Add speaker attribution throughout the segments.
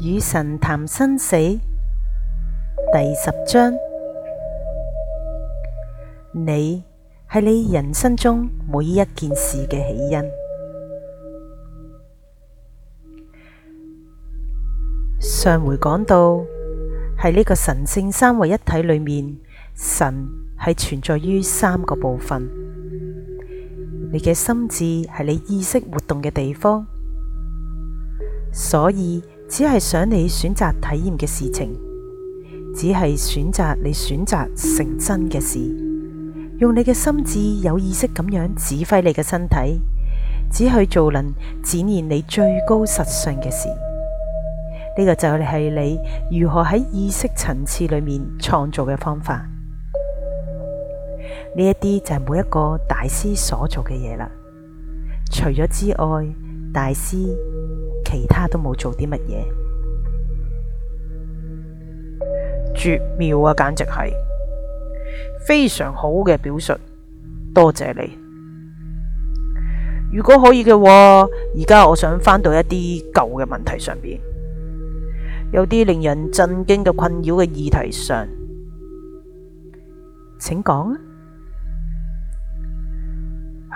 Speaker 1: 與神談生死，第十章，你係你人生中每一件事嘅起因。上回講到，喺呢個神聖三位一體裏面，神係存在於三個部分。你嘅心智係你意識活動嘅地方，所以。只係想你選擇體驗嘅事情，只係選擇你選擇成真嘅事，用你嘅心智有意識咁樣指揮你嘅身體，只去做能展現你最高實相嘅事。呢個就係你如何喺意識層次裏面創造嘅方法。呢一啲就係每一個大師所做嘅嘢啦。除咗之外，大師。其他都冇做啲乜嘢，是絕妙啊！簡直係非常好嘅表述，多謝你。如果可以嘅話，而家我想返到一啲舊嘅問題上邊，有啲令人震驚嘅困擾嘅議題上。請講。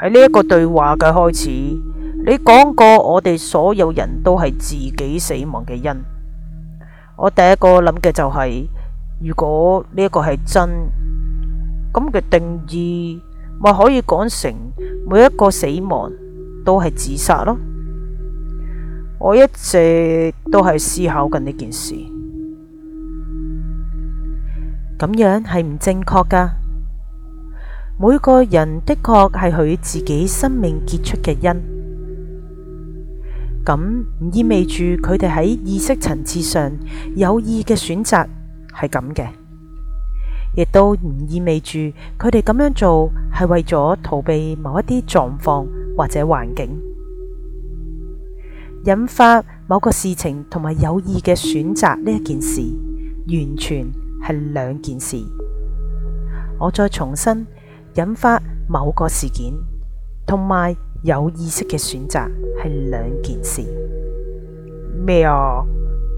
Speaker 1: 喺呢一個對話嘅開始你講過，我哋所有人都係自己死亡嘅因。我第一個諗嘅就係，如果呢個係真，咁嘅定義，咪可以講成每一個死亡都係自殺咯。我一直都係思考緊呢件事，咁樣係唔正確噶。每個人的確係佢自己生命結束嘅因，咁唔意味住佢哋喺意識層次上有意嘅選擇係咁嘅，亦都唔意味住佢哋咁樣做係為咗逃避某一啲狀況或者環境，引發某個事情同埋有意嘅選擇呢一件事，完全係兩件事。我再重申，引發某個事件同埋。有意識嘅選擇係兩件事咩啊？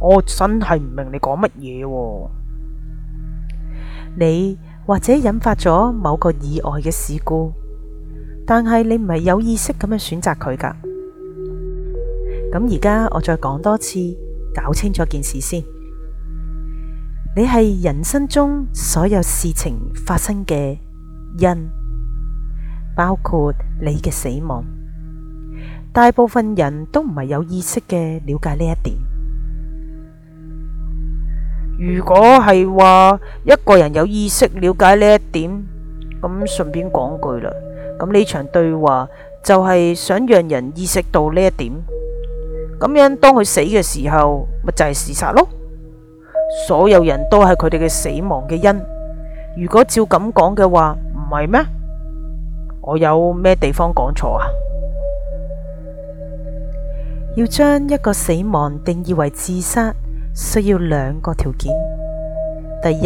Speaker 1: 我真係唔明你講乜嘢？你或者引發咗某個意外嘅事故，但係你唔係有意識咁樣選擇佢噶。咁而家我再講多次，搞清楚件事先。你係人生中所有事情發生嘅因。包括你嘅死亡，大部分人都唔係有意識嘅了解呢一點。如果係話一個人有意識了解呢一點，咁順便講句啦，咁呢場對話就係想讓人意識到呢一點。咁樣當佢死嘅時候，咪就係事實咯。所有人都係佢哋嘅死亡嘅因。如果照咁講嘅話，唔係咩？我有咩地方講錯啊？要將一個死亡定義為自殺，需要兩個條件。第一，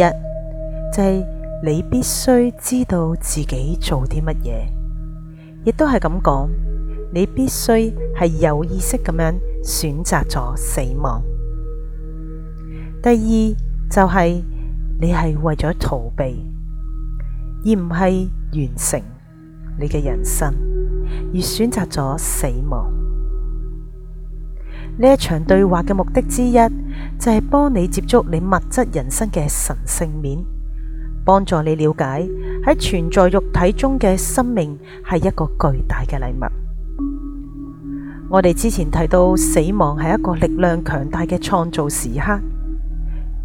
Speaker 1: 就係你必須知道自己做啲乜嘢，亦都係咁講，你必須係有意識咁樣選擇咗死亡。第二，就係你係為咗逃避，而唔係完成。你嘅人生而選擇咗死亡，呢一場對話嘅目的之一就係、是、幫你接觸你物質人生嘅神性面，幫助你了解喺存在肉體中嘅生命係一個巨大嘅禮物。我哋之前提到死亡係一個力量強大嘅創造時刻，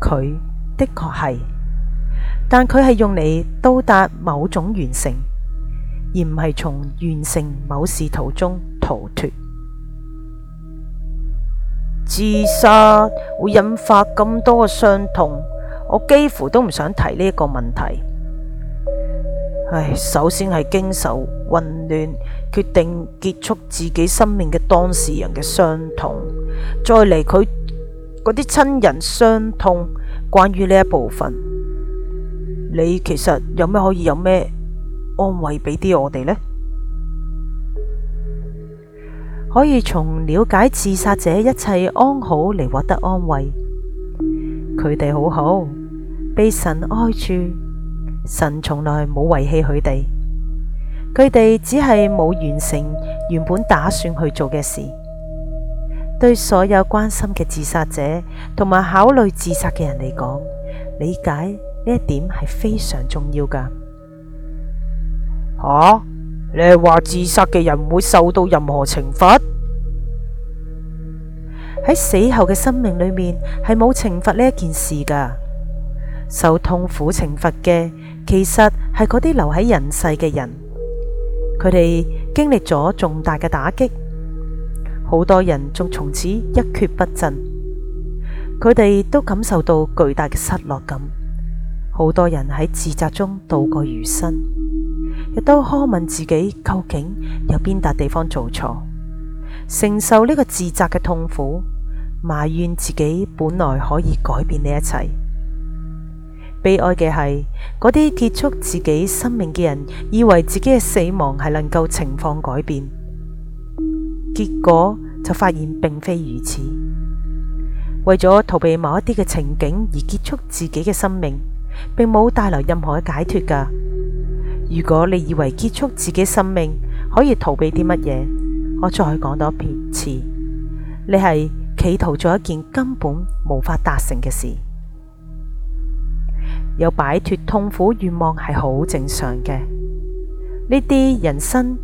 Speaker 1: 佢的確係，但佢係用嚟到達某種完成。而唔係從完成某事途中逃脱。自殺會引發咁多嘅傷痛，我幾乎都唔想提呢一個問題。唉，首先係經受混亂，決定結束自己生命嘅當事人嘅傷痛，再嚟，佢嗰啲親人傷痛。關於呢一部分，你其實有咩可以有咩？安慰俾啲我哋呢，可以從了解自殺者一切安好嚟獲得安慰。佢哋好好，被神愛住，神從來冇遺棄佢哋。佢哋只係冇完成原本打算去做嘅事。對所有關心嘅自殺者同埋考慮自殺嘅人嚟講，理解呢一點係非常重要㗎。吓、啊！你話自殺嘅人唔會受到任何懲罰？喺死後嘅生命裏面，係冇懲罰呢一件事噶。受痛苦懲罰嘅，其實係嗰啲留喺人世嘅人。佢哋經歷咗重大嘅打擊，好多人仲從此一蹶不振。佢哋都感受到巨大嘅失落感。好多人喺自責中度過餘生，亦都苛問自己究竟有邊笪地方做錯，承受呢個自責嘅痛苦，埋怨自己本來可以改變呢一切。悲哀嘅係，嗰啲結束自己生命嘅人，以為自己嘅死亡係能夠情況改變，結果就發現並非如此。為咗逃避某一啲嘅情景而結束自己嘅生命。並冇帶來任何嘅解脫噶。如果你以為結束自己生命可以逃避啲乜嘢，我再講多一次，你係企圖做一件根本無法達成嘅事。有擺脫痛苦願望係好正常嘅，呢啲人生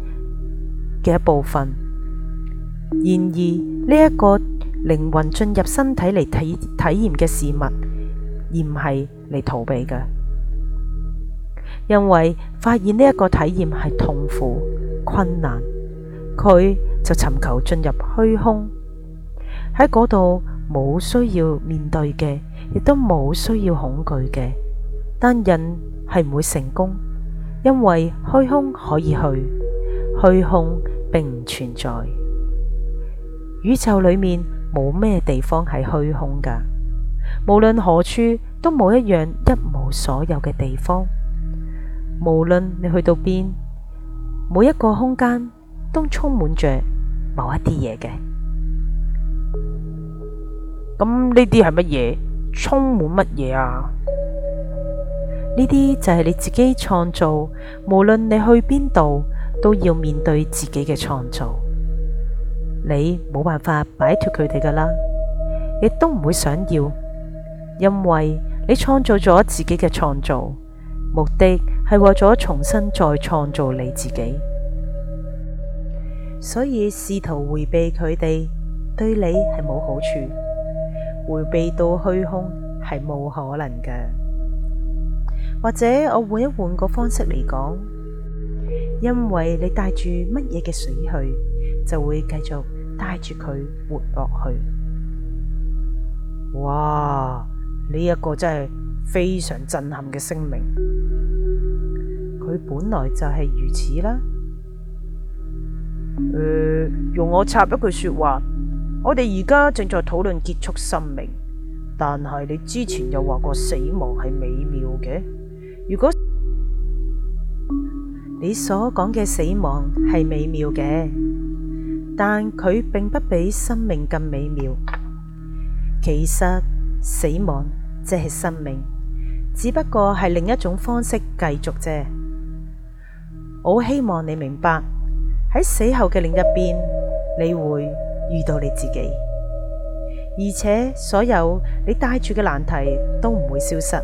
Speaker 1: 嘅一部分。然而呢一個靈魂進入身體嚟體體驗嘅事物，而唔係嚟逃避嘅，因為發現呢一個體驗係痛苦困難，佢就尋求進入虛空，喺嗰度冇需要面對嘅，亦都冇需要恐懼嘅。單人係唔會成功，因為虛空可以去，虛空並唔存在，宇宙裏面冇咩地方係虛空噶，無論何處，都冇一樣一無所有嘅地方，無論你去到邊，每一個空間都充滿著某一啲嘢嘅。咁呢啲係乜嘢？充滿乜嘢啊？呢啲就係你自己創造，無論你去邊度，都要面對自己嘅創造。你冇辦法擺脫佢哋㗎啦，亦都唔會想要。因為你創造咗自己嘅創造，目的係為咗重新再創造你自己，所以試圖回避佢哋，對你係冇好處。回避到虛空係冇可能嘅。或者我換一換個方式嚟講，因為你帶住乜嘢嘅水去，就會繼續帶住佢活落去。哇！呢一個真係非常震撼嘅聲明，佢本來就係如此啦。誒、呃，容我插一句說話，我哋而家正在討論結束生命，但係你之前又話過死亡係美妙嘅。如果你所講嘅死亡係美妙嘅，但佢並不比生命更美妙。其實。死亡即係生命，只不過係另一種方式繼續啫。我好希望你明白喺死後嘅另一邊，你會遇到你自己，而且所有你帶住嘅難題都唔會消失。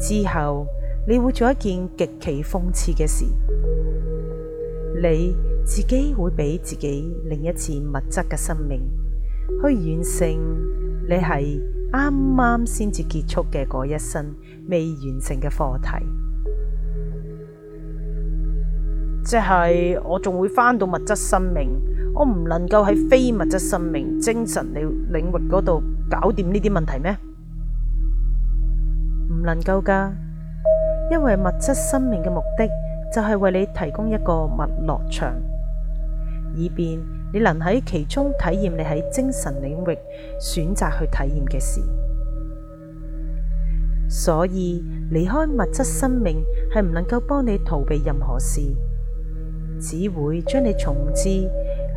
Speaker 1: 之後你會做一件極其諷刺嘅事，你自己會畀自己另一次物質嘅生命去完成。你係啱啱先至結束嘅嗰一生未完成嘅課題，即係我仲會返到物質生命，我唔能夠喺非物質生命、精神領領域嗰度搞掂呢啲問題咩？唔能夠㗎，因為物質生命嘅目的就係為你提供一個物樂場，以便。你能喺其中體驗，你喺精神領域選擇去體驗嘅事。所以離開物質生命係唔能夠幫你逃避任何事，只會將你重置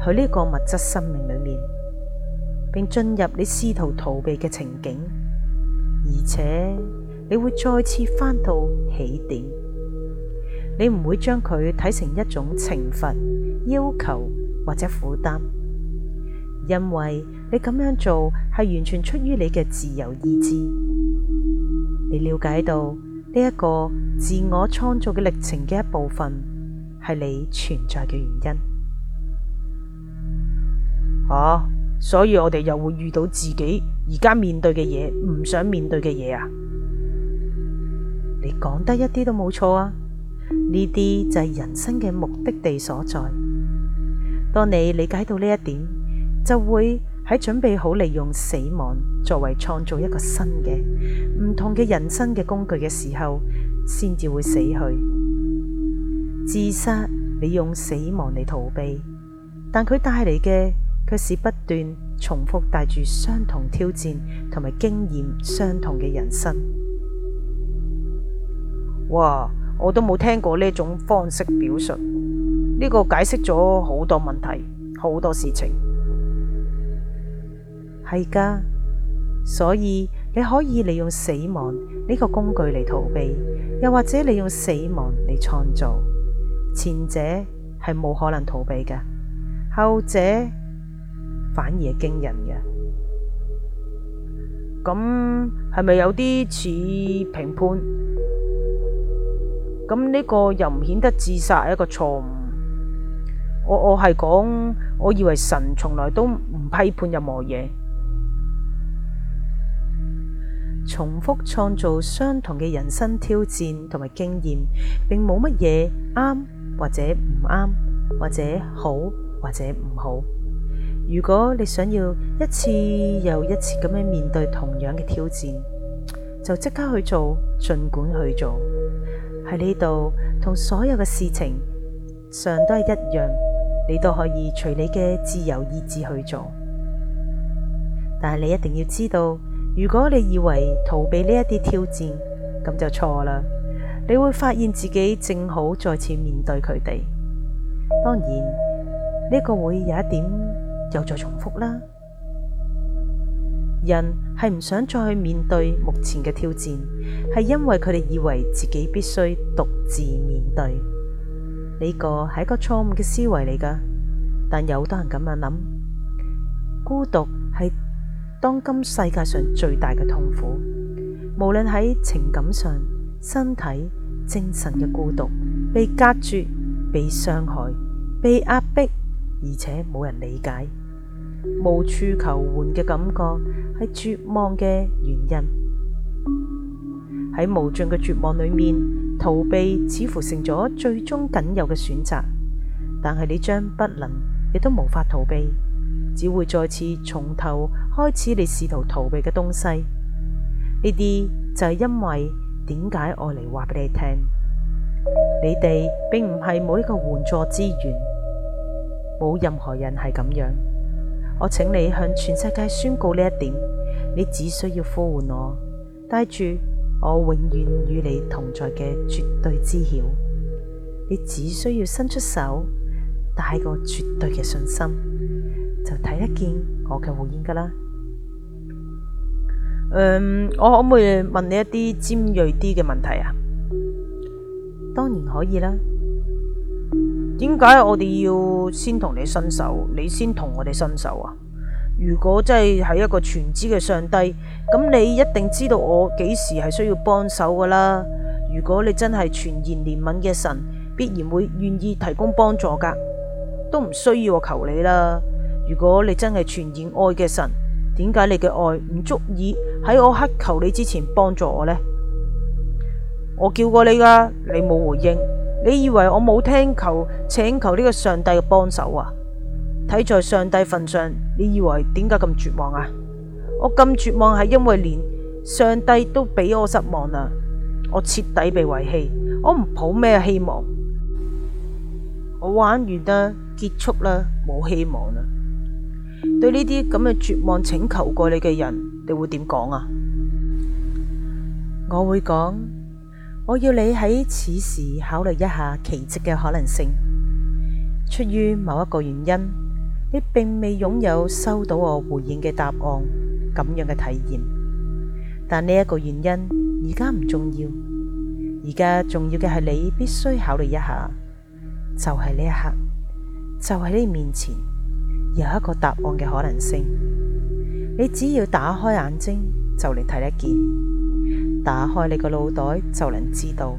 Speaker 1: 喺呢個物質生命裏面，並進入你試圖逃避嘅情景，而且你會再次返到起點。你唔會將佢睇成一種懲罰要求。或者負擔，因為你咁樣做係完全出於你嘅自由意志，你了解到呢一個自我創造嘅歷程嘅一部分係你存在嘅原因。啊，所以我哋又會遇到自己而家面對嘅嘢，唔想面對嘅嘢啊！你講得一啲都冇錯啊！呢啲就係人生嘅目的地所在。當你理解到呢一點，就會喺準備好利用死亡作為創造一個新嘅、唔同嘅人生嘅工具嘅時候，先至會死去。自殺，你用死亡嚟逃避，但佢帶嚟嘅，卻是不斷重複帶住相同挑戰同埋經驗相同嘅人生。嘩，我都冇聽過呢種方式表述。呢個解釋咗好多問題，好多事情係噶。所以你可以利用死亡呢個工具嚟逃避，又或者利用死亡嚟創造。前者係冇可能逃避噶，後者反而係驚人嘅。咁係咪有啲似評判？咁呢個又唔顯得自殺係一個錯誤？我，我係講，我以為神從來都唔批判任何嘢，重複創造相同嘅人生挑戰同埋經驗，並冇乜嘢啱或者唔啱，或者好或者唔好。如果你想要一次又一次咁樣面對同樣嘅挑戰，就即刻去做，盡管去做。喺呢度同所有嘅事情上都係一樣。你都可以隨你嘅自由意志去做，但係你一定要知道，如果你以為逃避呢一啲挑戰，咁就錯啦。你會發現自己正好再次面對佢哋。當然，呢個會有一點又再重複啦。人係唔想再去面對目前嘅挑戰，係因為佢哋以為自己必須獨自面對。呢個係一個錯誤嘅思維嚟噶，但有好多人咁樣諗。孤獨係當今世界上最大嘅痛苦，無論喺情感上、身體、精神嘅孤獨，被隔絕、被傷害、被壓迫，而且冇人理解，無處求援嘅感覺，係絕望嘅原因。喺無盡嘅絕望裏面，逃避似乎成咗最終僅有嘅選擇。但係你將不能，亦都無法逃避，只會再次從頭開始。你試圖逃避嘅東西呢啲就係因為點解我嚟，話畀你聽？你哋並唔係冇呢個援助資源，冇任何人係咁樣。我請你向全世界宣告呢一點。你只需要呼喚我，帶住，我永遠與你同在嘅絕對知曉，你只需要伸出手，帶個絕對嘅信心，就睇得見我嘅回應㗎啦。嗯，我可唔可以問你一啲尖銳啲嘅問題啊？當然可以啦。點解我哋要先同你伸手，你先同我哋伸手啊？如果真係係一個全知嘅上帝，咁你一定知道我幾時係需要幫手噶啦。如果你真係全然憐憫嘅神，必然會願意提供幫助噶，都唔需要我求你啦。如果你真係全然愛嘅神，點解你嘅愛唔足以喺我乞求你之前幫助我呢？我叫過你噶，你冇回應，你以為我冇聽求請求呢個上帝嘅幫手啊？睇在上帝份上，你以為點解咁絕望啊？我咁絕望係因為連上帝都畀我失望啦，我徹底被遺棄，我唔抱咩希望，我玩完啦，結束啦，冇希望啦。對呢啲咁嘅絕望請求過你嘅人，你會點講啊？我會講，我要你喺此時考慮一下奇蹟嘅可能性，出於某一個原因。你並未擁有收到我回應嘅答案咁樣嘅體驗，但呢一個原因而家唔重要，而家重要嘅係你必須考慮一下，就係呢一刻，就喺你面前有一個答案嘅可能性，你只要打開眼睛就能睇得見，打開你個腦袋就能知道，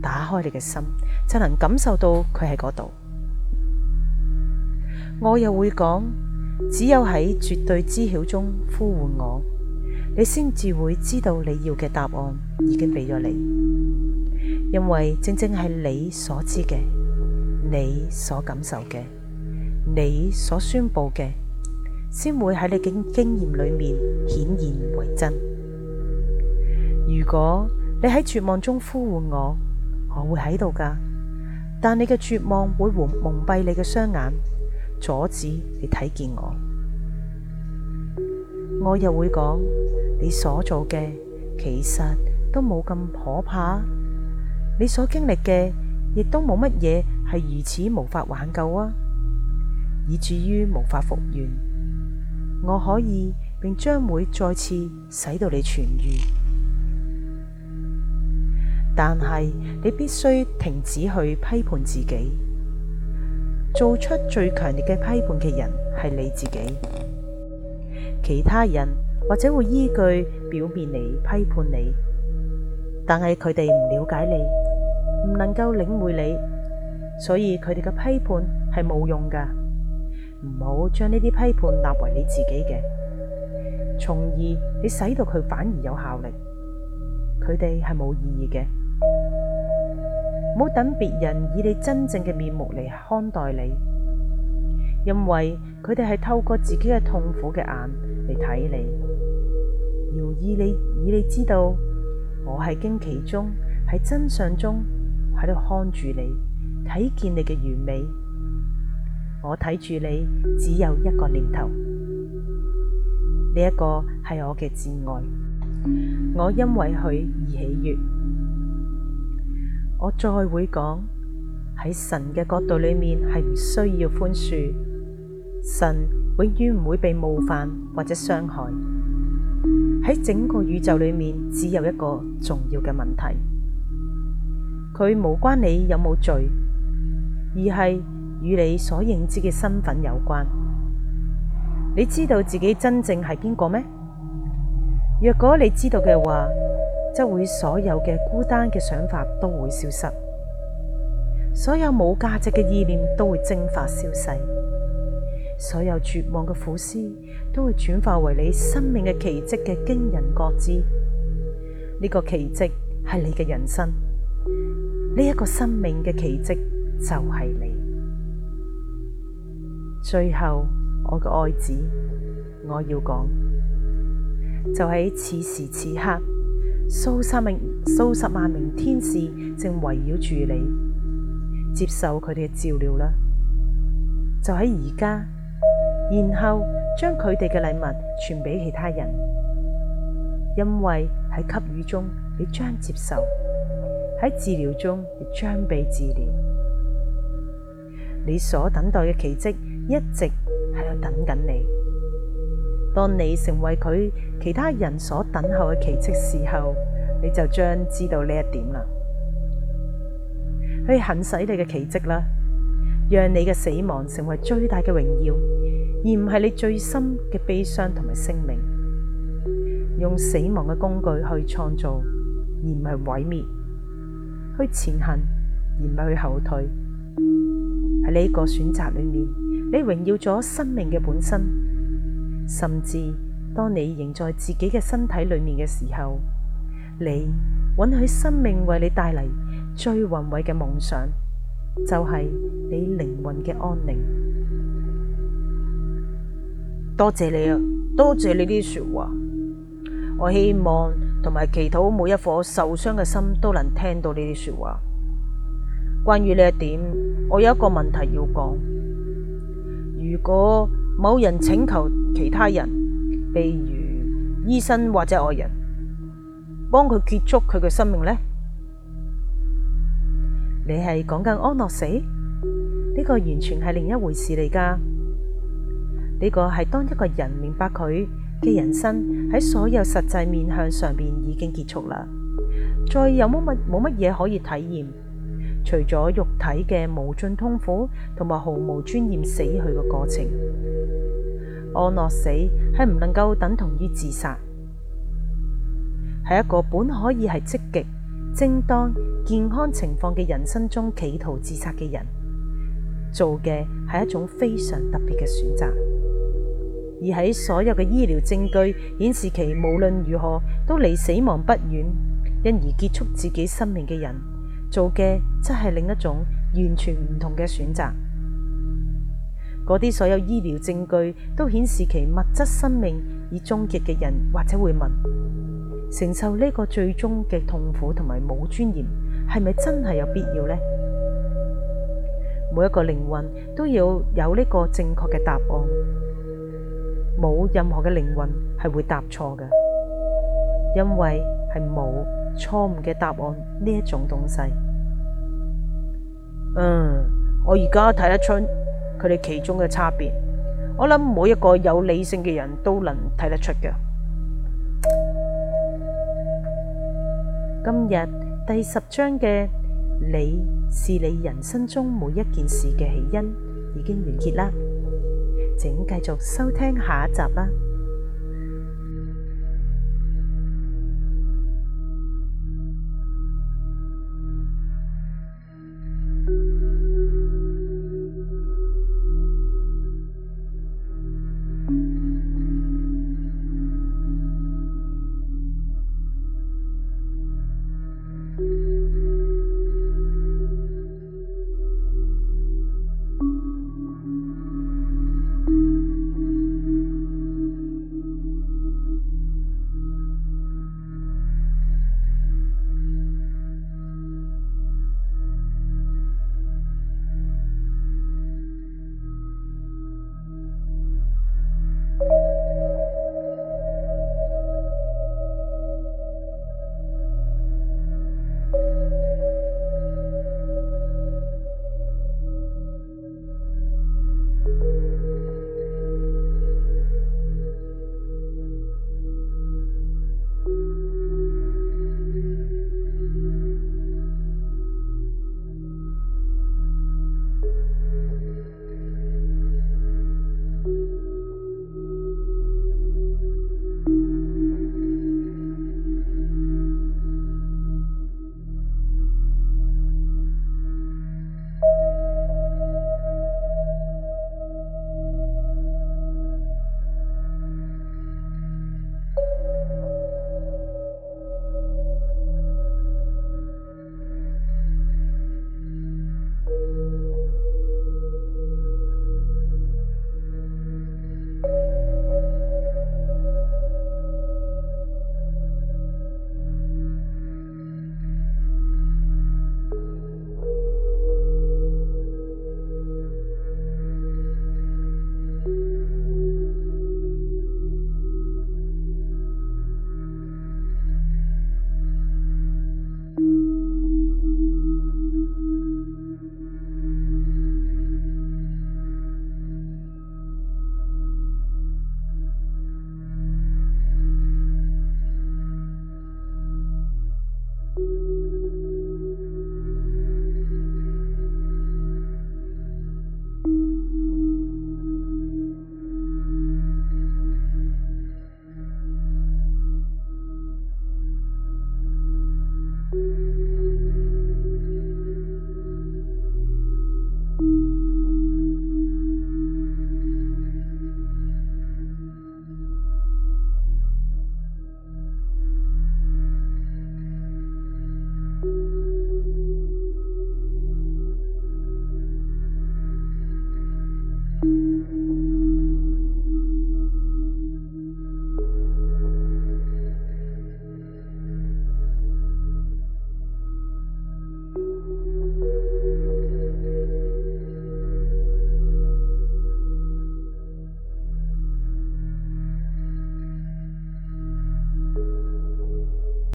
Speaker 1: 打開你嘅心就能感受到佢喺嗰度。我又會講，只有喺絕對知曉中呼喚我，你先至會知道你要嘅答案已經畀咗你。因為正正係你所知嘅，你所感受嘅，你所宣布嘅，先會喺你嘅經驗裏面顯現為真。如果你喺絕望中呼喚我，我會喺度噶，但你嘅絕望會蒙蒙蔽你嘅雙眼。阻止你睇見我，我又會講，你所做嘅其實都冇咁可怕，你所經歷嘅亦都冇乜嘢係如此無法挽救啊，以至於無法復原。我可以並將會再次使到你痊愈，但係你必須停止去批判自己。做出最強烈嘅批判嘅人係你自己，其他人或者會依據表面嚟批判你，但係佢哋唔了解你，唔能夠領會你，所以佢哋嘅批判係冇用噶。唔好將呢啲批判納為你自己嘅，從而你使到佢反而有效力，佢哋係冇意義嘅。唔好等別人以你真正嘅面目嚟看待你，因為佢哋係透過自己嘅痛苦嘅眼嚟睇你。要以你以你知道，我係驚奇中，喺真相中，喺度看住你，睇見你嘅完美。我睇住你，只有一個念頭，呢、這、一個係我嘅至愛，我因為佢而喜悦。我再會講，喺神嘅角度裏面係唔需要寬恕，神永遠唔會被冒犯或者傷害。喺整個宇宙裏面只有一個重要嘅問題，佢無關你有冇罪，而係與你所認知嘅身份有關。你知道自己真正係邊個咩？若果你知道嘅話，則會所有嘅孤單嘅想法都會消失，所有冇價值嘅意念都會蒸發消逝，所有絕望嘅苦思都會轉化為你生命嘅奇蹟嘅驚人覺知。呢個奇蹟係你嘅人生，呢一個生命嘅奇蹟就係你。最後，我嘅愛子，我要講，就喺此時此刻。數十名、數十萬名天使正圍繞住你，接受佢哋嘅照料啦。就喺而家，然後將佢哋嘅禮物傳俾其他人，因為喺給予中你將接受，喺治療中亦將被治療。你所等待嘅奇蹟一直喺度等緊你。當你成為佢其他人所等候嘅奇蹟時候，你就將知道呢一點啦。去行使你嘅奇蹟啦，讓你嘅死亡成為最大嘅榮耀，而唔係你最深嘅悲傷同埋生命。用死亡嘅工具去創造，而唔係毀滅；去前行，而唔係去後退。喺呢個選擇裏面，你榮耀咗生命嘅本身。甚至當你仍在自己嘅身體裏面嘅時候，你允許生命為你帶嚟最宏偉嘅夢想，就係你靈魂嘅安寧。多謝你啊，多謝你啲說話。我希望同埋祈禱，每一顆受傷嘅心都能聽到呢啲說話。關於呢一點，我有一個問題要講：如果某人請求，其他人，譬如醫生或者愛人，幫佢結束佢嘅生命呢？你係講緊安樂死呢個，完全係另一回事嚟噶。呢個係當一個人明白佢嘅人生喺所有實際面向上邊已經結束啦，再有冇乜冇乜嘢可以體驗，除咗肉體嘅無盡痛苦同埋毫無尊嚴死去嘅過程。安樂死係唔能夠等同於自殺，係一個本可以係積極、正當、健康情況嘅人生中企圖自殺嘅人做嘅係一種非常特別嘅選擇；而喺所有嘅醫療證據顯示其無論如何都離死亡不遠，因而結束自己生命嘅人做嘅則係另一種完全唔同嘅選擇。嗰啲所有醫療證據都顯示其物質生命已終結嘅人，或者會問承受呢個最終嘅痛苦同埋冇尊嚴，係咪真係有必要呢？每一個靈魂都要有呢個正確嘅答案，冇任何嘅靈魂係會答錯嘅，因為係冇錯誤嘅答案呢一種東西。嗯，我而家睇得出。佢哋其中嘅差別，我諗每一個有理性嘅人都能睇得出嘅。今日第十章嘅你是你人生中每一件事嘅起因，已經完結啦，請繼續收聽下一集啦。